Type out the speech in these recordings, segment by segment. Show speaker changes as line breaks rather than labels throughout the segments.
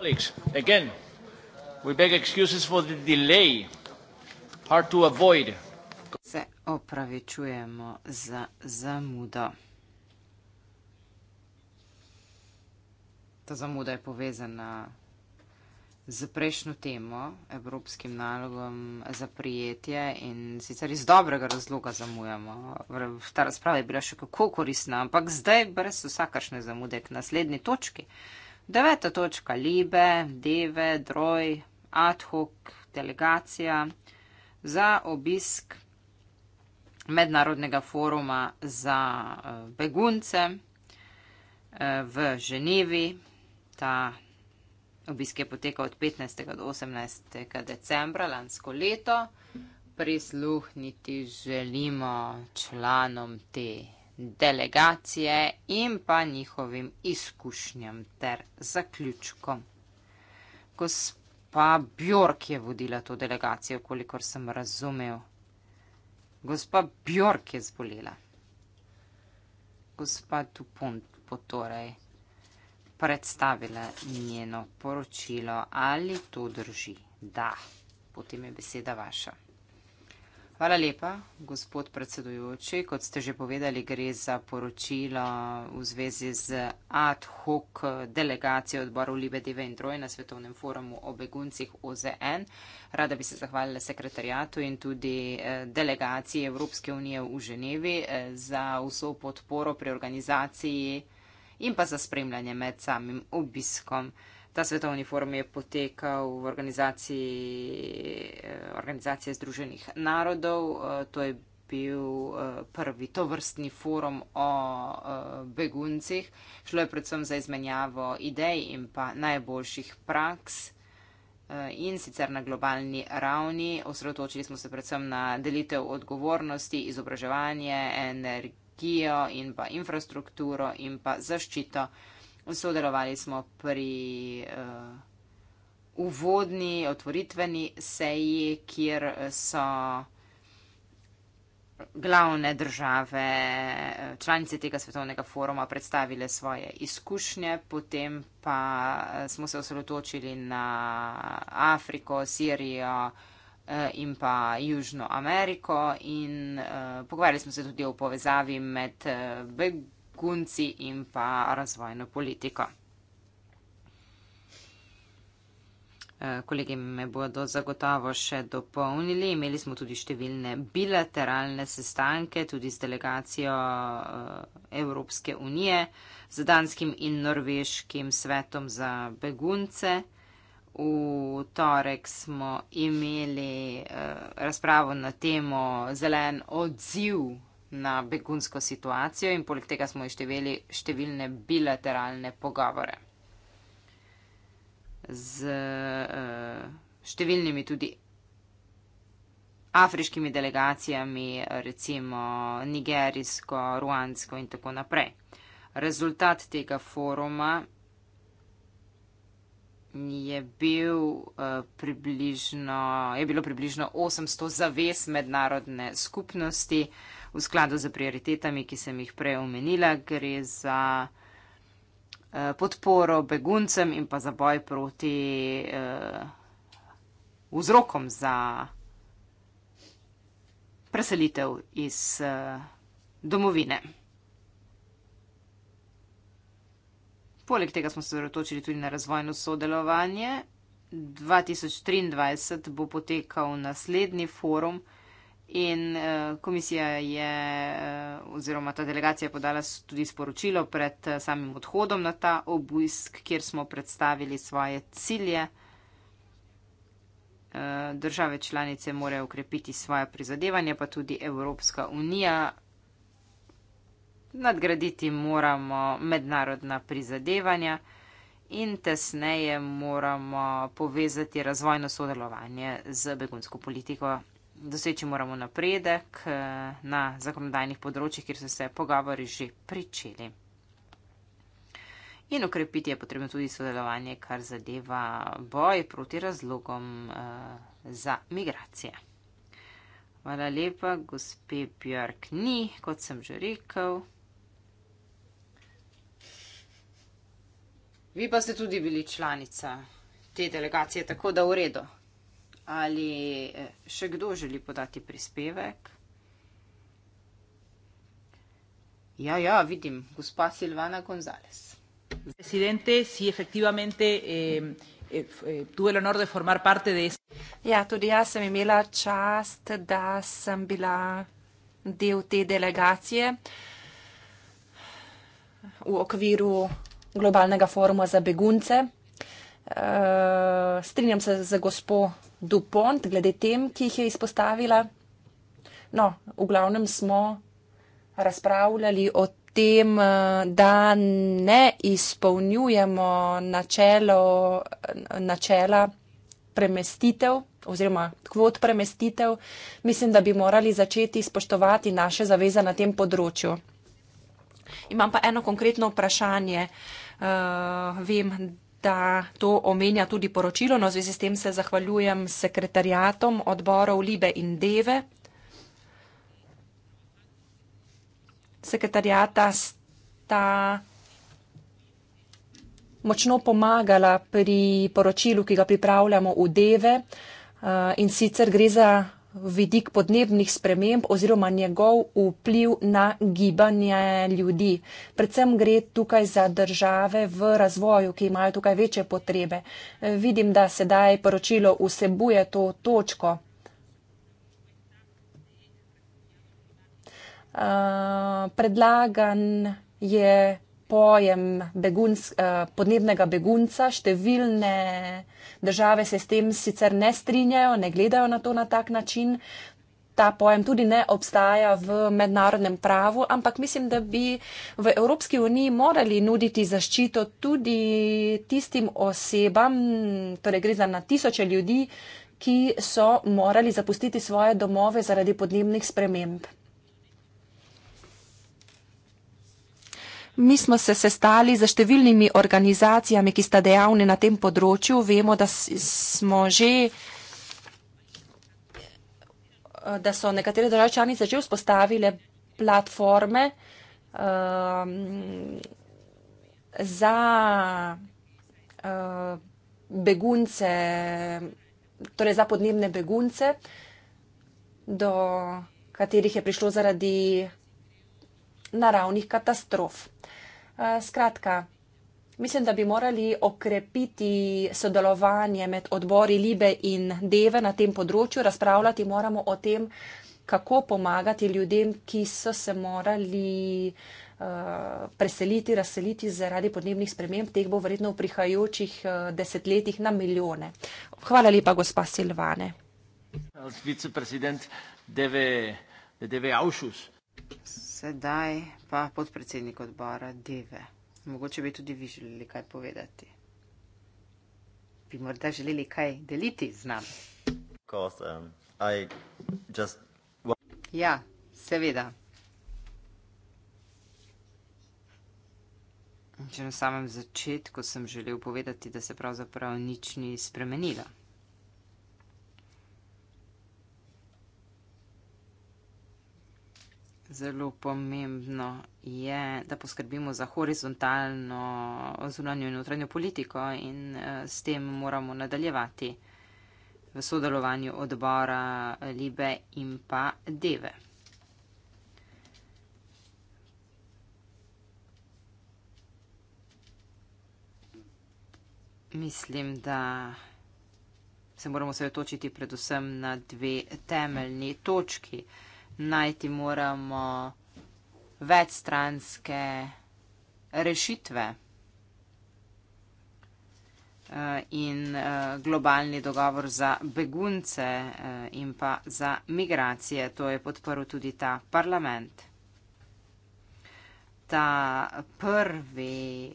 colleagues, again, we beg excuses for the delay, hard to avoid. Se opravičujemo za zamudo. Ta zamuda je povezana z prejšnjo temo, evropskim nalogom za prijetje in sicer iz dobrega razloga zamujamo. Ta razprava je bila še kako koristna, ampak zdaj brez vsakašne zamude k naslednji točki. Deveta točka Libe, Deve, Droj, ad hoc, delegacija za obisk mednarodnega foruma za eh, begunce eh, v Ženevi. Ta obisk je potekal od 15. do 18. decembra lansko leto. Prisluhniti želimo članom te delegacije in pa njihovim izkušnjam ter zaključkom. Gospa Bjork je vodila to delegacijo, kolikor sem razumel. Gospa Bjork je zbolela. Gospa Dupont bo torej predstavila njeno poročilo, ali to drži. Da, potem je beseda vaša. Hvala lepa, gospod predsedujoči. Kot ste že povedali, gre za poročilo v zvezi z ad hoc delegacijo odborov Libe Deve in Droje na Svetovnem forumu o beguncih OZN. Rada bi se zahvalila sekretarjatu in tudi eh, delegaciji Evropske unije v Ženevi eh, za vso podporo pri organizaciji in pa za spremljanje med samim obiskom ta svetovni forum je potekal v organizaciji eh, Organizacije združenih narodov. Eh, to je bil eh, prvi tovrstni forum o beguncih. Šlo je predvsem za izmenjavo idej in pa najboljših praks. In sicer na globalni ravni osredotočili smo se predvsem na delitev odgovornosti, izobraževanje, energijo in pa infrastrukturo in pa zaščito uh, sodelovali smo pri uh, uvodni otvoritveni seji, kjer so glavne države, eh, članice tega svetovnega foruma predstavile svoje izkušnje, potem pa eh, smo se osredotočili na Afriko, Sirijo in pa Južno Ameriko in uh, pogovarjali smo se tudi o povezavi med uh, begunci in pa razvojno politiko. Eh, kolegi me bodo zagotovo še dopolnili. Imeli smo tudi številne bilateralne sestanke, tudi z delegacijo eh, Evropske unije, z danskim in norveškim svetom za begunce. V torek smo imeli eh, razpravo na temo zelen odziv na begunsko situacijo in poleg tega smo išteveli številne bilateralne pogovore z uh, številnimi tudi afriškimi delegacijami, recimo nigerijsko, ruansko in tako naprej. Rezultat tega foruma je, bil, uh, približno, je bilo približno 800 zaves mednarodne skupnosti, uh, v skladu z prioritetami, ki sem jih prej omenila, gre za eh, podporo beguncem in pa za boj proti eh, vzrokom za preselitev iz eh, domovine. Poleg tega smo se zrotočili tudi na razvojno sodelovanje. 2023 bo potekal naslednji forum. In uh, komisija je, uh, oziroma ta delegacija je podala tudi sporočilo pred uh, samim odhodom na ta obisk, kjer smo predstavili svoje cilje. Uh, države članice morajo ukrepiti svoje prizadevanje, pa tudi Evropska unija. Nadgraditi moramo mednarodna prizadevanja in tesneje moramo povezati razvojno sodelovanje z begunsko politiko doseči moramo napredek eh, na zakonodajnih področjih, kjer so se pogovori že pričeli. In ukrepiti je potrebno tudi sodelovanje, kar zadeva boj proti razlogom eh, za migracije. Hvala lepa, gospe Björk, ni, kot sem že rekel. Vi pa ste tudi bili članica te delegacije, tako da v redu ali eh, še kdo želi podati prispevek? Ja, ja, vidim, gospa Silvana Gonzalez. Presidente, si efektivamente. Eh, eh, eh
Ja, tudi jaz sem imela čast, da sem bila del te delegacije v okviru globalnega foruma za begunce. Strinjam se z gospod Dupont, glede tem, ki jih je izpostavila. No, v glavnem smo razpravljali o tem, eh, da ne izpolnjujemo načelo, načela premestitev oziroma kvot premestitev. Mislim, da bi morali začeti spoštovati naše zaveze na tem področju. Imam pa eno konkretno vprašanje. Uh, vem, da to omenja tudi poročilo. No, zvezi s tem se zahvaljujem sekretarjatom odborov Libe in Deve. Sekretarjata sta močno pomagala pri poročilu, ki ga pripravljamo v Deve. Uh, in sicer gre za vidik podnebnih sprememb oziroma njegov vpliv na gibanje ljudi. Predvsem gre tukaj za države v razvoju, ki imajo tukaj večje potrebe. Vidim, da sedaj poročilo vsebuje to točko. Uh, predlagan je pojem begunc, eh, podnebnega begunca. Številne države se s tem sicer ne strinjajo, ne gledajo na to na tak način. Ta pojem tudi ne obstaja v mednarodnem pravu, ampak mislim, da bi v Evropski uniji morali nuditi zaščito tudi tistim osebam, torej gre za na tisoče ljudi, ki so morali zapustiti svoje domove zaradi podnebnih sprememb. Mi smo se sestali z številnimi organizacijami, ki sta dejavne na tem področju. Vemo, da smo že da so nekatere države članice že vzpostavile platforme um, za uh, begunce, torej za podnebne begunce, do katerih je prišlo zaradi naravnih katastrof. Skratka, mislim, da bi morali okrepiti sodelovanje med odbori Libe in Deve na tem področju, razpravljati moramo o tem, kako pomagati ljudem, ki so se morali preseliti, razseliti zaradi podnebnih sprememb, teh bo vredno v prihajajočih desetletjih na milijone. Hvala lepa, gospa Silvane.
Vice-president DV, DV Aušus. Sedaj pa podpredsednik odbora Deve. Mogoče bi tudi vi želeli kaj povedati. Bi morda želeli kaj deliti z nami?
Course, um, just...
Ja, seveda. Če na samem začetku sem želel povedati, da se pravzaprav nič ni spremenilo. Zelo pomembno je, da poskrbimo za horizontalno zunanjo in notranjo politiko in eh, s tem moramo nadaljevati v sodelovanju odbora eh, Libe in pa Deve. Mislim, da se moramo se otočiti predvsem na dve temeljni točki najti moramo večstranske rešitve eh, in eh, globalni dogovor za begunce eh, in pa za migracije. To je podporil tudi ta parlament. Ta prvi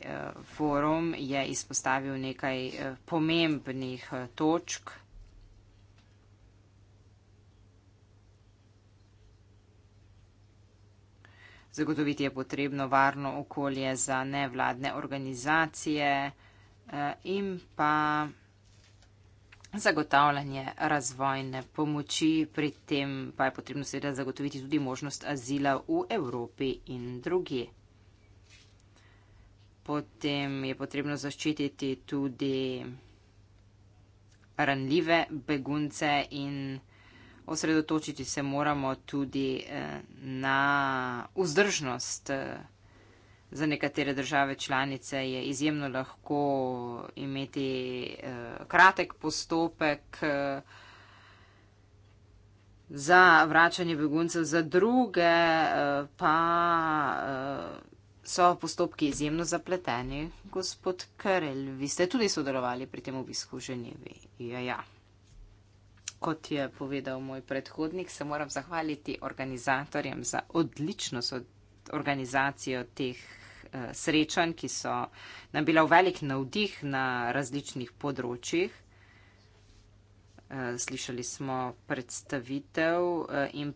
forum je izpostavil nekaj pomembnih točk Zagotoviti je potrebno varno okolje za nevladne organizacije eh, in pa zagotavljanje razvojne pomoči, pri tem pa je potrebno seveda zagotoviti tudi možnost azila v Evropi in drugi. Potem je potrebno zaščititi tudi ranljive begunce in osredotočiti se moramo tudi eh, na vzdržnost. Eh, za nekatere države članice je izjemno lahko imeti eh, kratek postopek eh, za vračanje beguncev, za druge eh, pa eh, so postopki izjemno zapleteni. Gospod Karel, vi ste tudi sodelovali pri tem obisku v Ženevi. Ja, ja kot je povedal moj predhodnik, se moram zahvaliti organizatorjem za odlično organizacijo teh eh, srečanj, ki so nam bila v velik navdih na različnih področjih. Eh, slišali smo predstavitev eh, in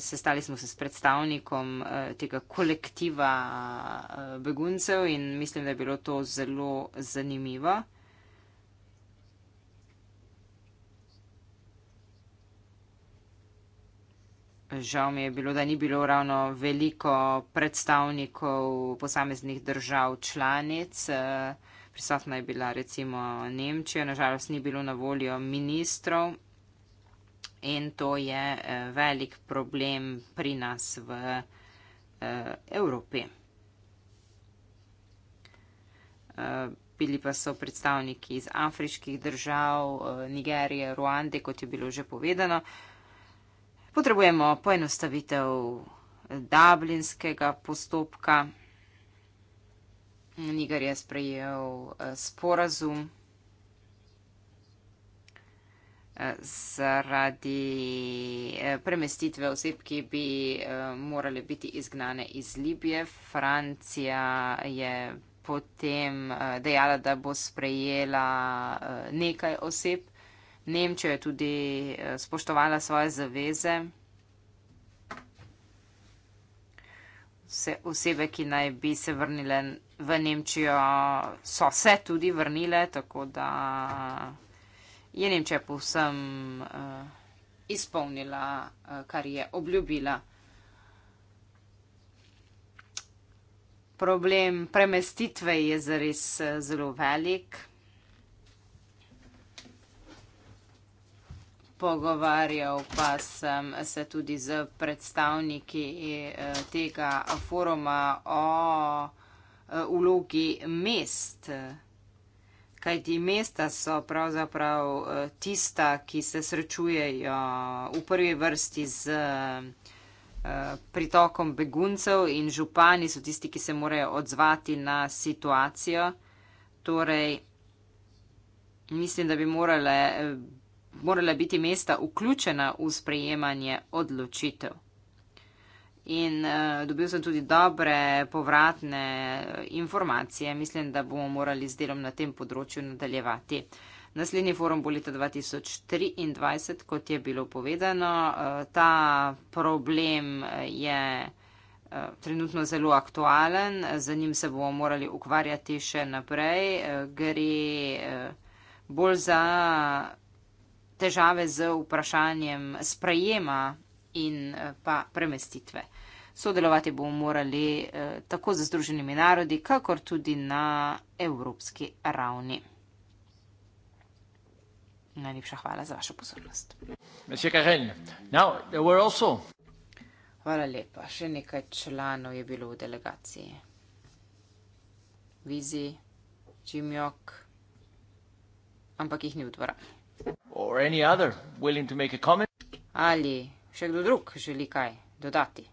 sestali smo se s predstavnikom tega kolektiva beguncev in mislim, da je bilo to zelo zanimivo. Žal mi je bilo, da ni bilo ravno veliko predstavnikov posameznih držav članic. Eh, prisotna je bila recimo Nemčija, nažalost ni bilo na voljo ministrov in to je eh, velik problem pri nas v eh, Evropi. Bili pa so predstavniki iz afriških držav, Nigerije, Ruande, kot je bilo že povedano. Potrebujemo poenostavitev dublinskega postopka. Niger je sprejel eh, sporazum eh, zaradi eh, premestitve oseb, ki bi morali biti izgnane iz Libije. Francija je potem dejala, da bo sprejela nekaj oseb, Nemčija je tudi eh, spoštovala svoje zaveze. Vse osebe, ki naj bi se vrnile v Nemčijo, so se tudi vrnile, tako da je Nemčija povsem uh, izpolnila, uh, kar je obljubila. Problem premestitve je zares zelo velik. pogovarjal, pa sem se tudi z predstavniki eh, tega foruma o eh, vlogi mest. Kajti mesta so pravzaprav eh, tista, ki se srečujejo v prvi vrsti z pritokom beguncev in župani so tisti, ki se morajo odzvati na situacijo. Torej, mislim, da bi morale morala biti mesta vključena v sprejemanje odločitev. In uh, dobil sem tudi dobre povratne eh, informacije. Mislim, da bomo morali z delom na tem področju nadaljevati. Naslednji forum bo leta 2023, kot je bilo povedano. Uh, ta problem je uh, trenutno zelo aktualen, za njim se bomo morali ukvarjati še naprej. Uh, gre uh, bolj za. Uh, težave z vprašanjem sprejema in eh, pa premestitve. Sodelovati bomo morali eh, tako z Združenimi narodi, kakor tudi na evropski ravni. Najlepša hvala za vašo pozornost. Now, also... Hvala lepa. Še nekaj članov je bilo v delegaciji. Vizi, Jim Jok, ampak jih ni v dvorani. Ali še kdo drug želi kaj dodati?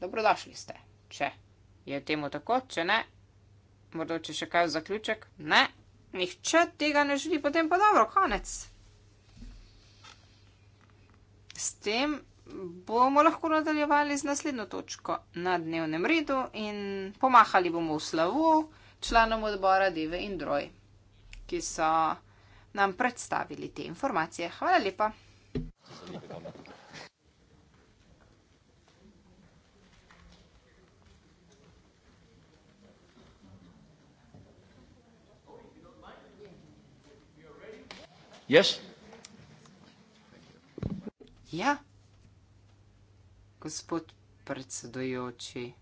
Dobrodošli ste. Če je temu tako, če ne, morda če še kaj v zaključek? Ne, nihče tega ne želi, potem pa dobro, konec. S tem bomo lahko nadaljevali z naslednjo točko na dnevnem redu in pomahali bomo v slavu članom odbora Deve in Droj, ki so nam predstavili te informacije. Hvala lepa. Yes. Ja, gospod predsedujoči.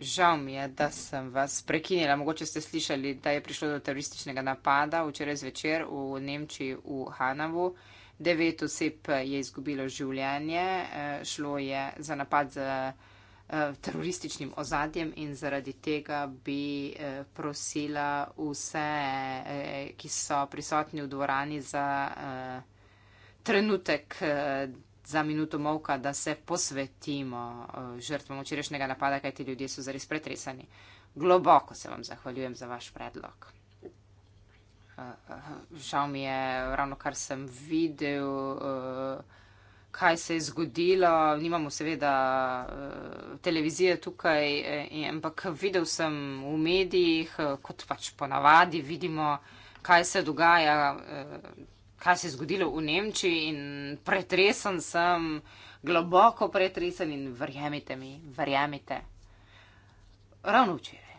Žal mi je, da sem vas prekinila. Mogoče ste slišali, da je prišlo do terorističnega napada včeraj zvečer v Nemčiji v Hanavu. Devet oseb je izgubilo življenje, eh, šlo je za napad z eh, terorističnim ozadjem in zaradi tega bi eh, prosila vse, ki so prisotni v dvorani za trenutek za minuto molka, da se posvetimo eh, žrtvam včerajšnjega napada, kajti ljudje so zares pretresani. Globoko se vam zahvaljujem za vaš predlog. Eh, eh, žal mi je, ravno kar sem videl, kaj se je zgodilo. Nimamo seveda televizije tukaj, ampak videl sem v medijih, kot pač ponavadi vidimo, kaj se dogaja kaj se je zgodilo v Nemčiji in pretresen sem, globoko pretresen in verjemite mi, verjemite. Ravno včeraj.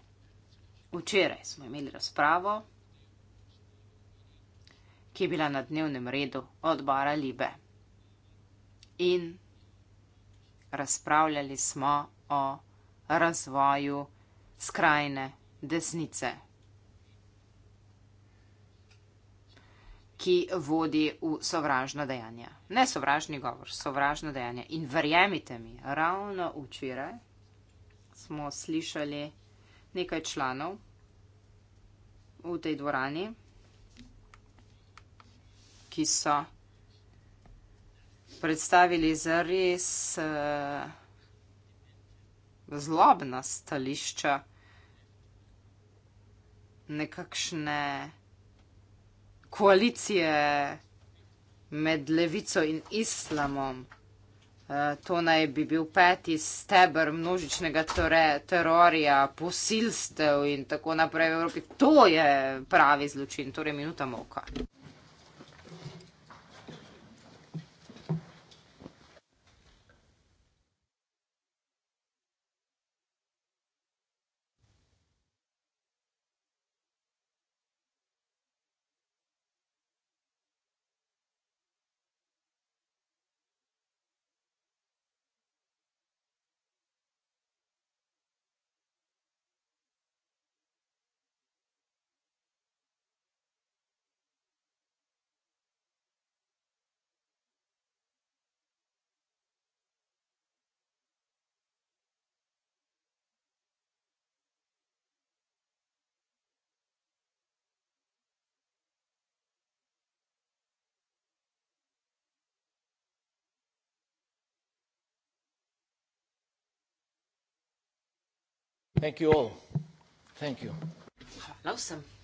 Včeraj smo imeli razpravo, ki je bila na dnevnem redu odbora Libe. In razpravljali smo o razvoju skrajne desnice. ki vodi v sovražno dejanje. Ne sovražni govor, sovražno dejanje. In verjemite mi, ravno včeraj smo slišali nekaj članov v tej dvorani, ki so predstavili zares uh, zlobna stališča nekakšne koalicije med levico in islamom. Eh, to naj bi bil peti stebr množičnega terorija, posilstev in tako naprej v Evropi. To je pravi zločin, torej minuta moka.
Thank you all. Thank you.
Hvala vsem.